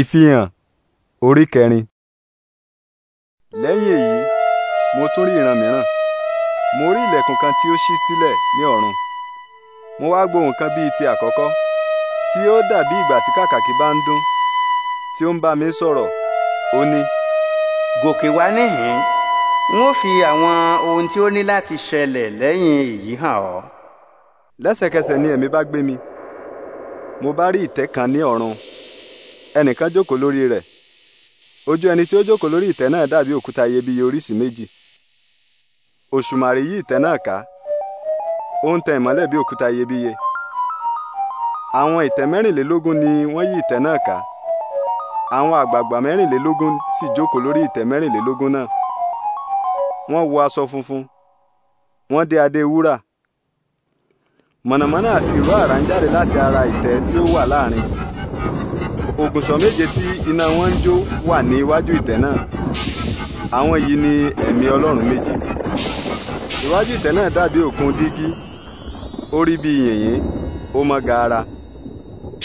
ìfihàn orí kẹrin. lẹ́yìn èyí mo tún rí ìran mìíràn mo rí ilẹ̀kùn kan tí ó ṣí sílẹ̀ ní ọ̀run mo wá gbọ́ ohùn kan bíi ti àkọ́kọ́ tí ó dàbí ìgbà tí kàkàkí bá ń dún tí ó ń bá mi sọ̀rọ̀ ó ní. gòkè wá níhìn-ín n fi àwọn ohun tí ó ní láti ṣẹlẹ̀ lẹ́yìn èyí hàn ọ́. lẹ́sẹ̀kẹsẹ̀ ni ẹ̀mí bá gbé mi mo bá rí ìtẹ́ kan ní ọ̀run. ẹnìkan jókòó lórí rẹ̀ ojú ẹni tí ó jókòó lórí ìtẹ́ náà dàbí òkúta iyebíye oríṣi méjì òṣùmàrè yí ìtẹ́ náà ká ó ń tẹ ìmọ́lẹ̀ bí òkúta iyebíye àwọn ìtẹ́ mẹ́rìnlélógún ni wọn yí ìtẹ́ náà ká àwọn àgbààgbà mẹ́rìnlélógún sì jókòó lórí ìtẹ́ mẹ́rìnlélógún náà Wọn wọ aṣọ funfun Wọn dé adé wúrà mọ̀nàmọ́ná àti ìró àrá ń jáde láti ara ìtẹ́ tí ó wà láàrin ògùsọ̀ méje tí iná wọn ń jó wà ní iwájú ìtẹ́ náà àwọn yìí ni ẹ̀mí ọlọ́run méje iwájú ìtẹ́ náà dàbí òkun dígí ó rí bí yìnyín ó mọ gaara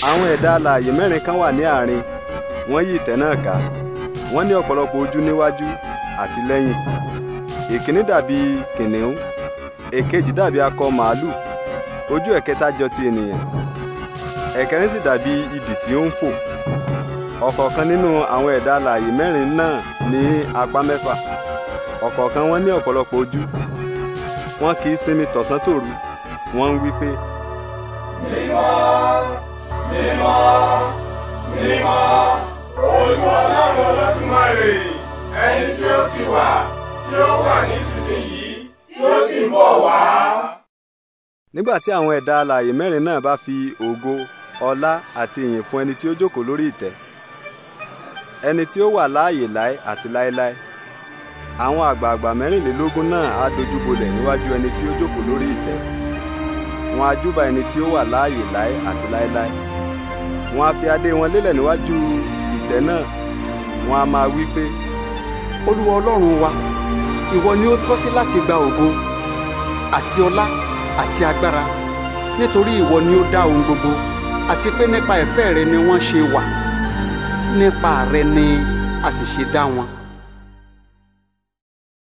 àwọn ẹ̀dá alààyè mẹ́rin kan wà ní àárín wọ́n yí ìtẹ́ náà ká wọ́n ní ọ̀pọ̀lọpọ̀ ojú níwájú àti lẹ́yìn ìkíní dàbí kìnìún èkejì dàbí akọ màálù ojú ẹ̀kẹta jọ ti ènìyàn ẹ̀kẹrin sì dàbí idì tí ó ń fò ọ̀kọ̀ọ̀kan nínú àwọn ẹ̀dá alààyè mẹ́rin náà ní apá mẹ́fà ọ̀kọ̀ọ̀kan wọn ní ọ̀pọ̀lọpọ̀ ojú wọn kì í sinmi tọ̀sán tòru wọ́n ń wí pé. mímọ́ mímọ́ mímọ́ olúwa ọlọ́run olódùmarè ẹni tí ó ti wà tí ó wà nísinsìnyí tí ó sì ń bọ̀ wá. nígbà tí àwọn ẹ̀dá alààyè mẹ́rin náà bá fi ògo ọlá àti ìyìn fún ẹni tí ó jókòó lórí ìtẹ́ ẹni tí ó wà láàyè láé àti láéláé àwọn àgbààgbà mẹ́rìnlélógún náà á dojúbolẹ̀ níwájú ẹni tí ó jókòó lórí ìtẹ́ wọn á júbà ẹni tí ó wà láàyè láé àti láéláé wọn á fi adé wọn lélẹ̀ níwájú ìtẹ́ náà wọn á máa wí pé olúwa ọlọ́run wa ìwọ ni ó tọ́ sí láti gba ògo àti ọlá àti agbára nítorí ìwọ ni ó dá ohun gbogbo àti pé nípa ìfẹ́ rẹ ni wọ́n ṣe wà nípa rẹ ni a sì ṣe dá wọn.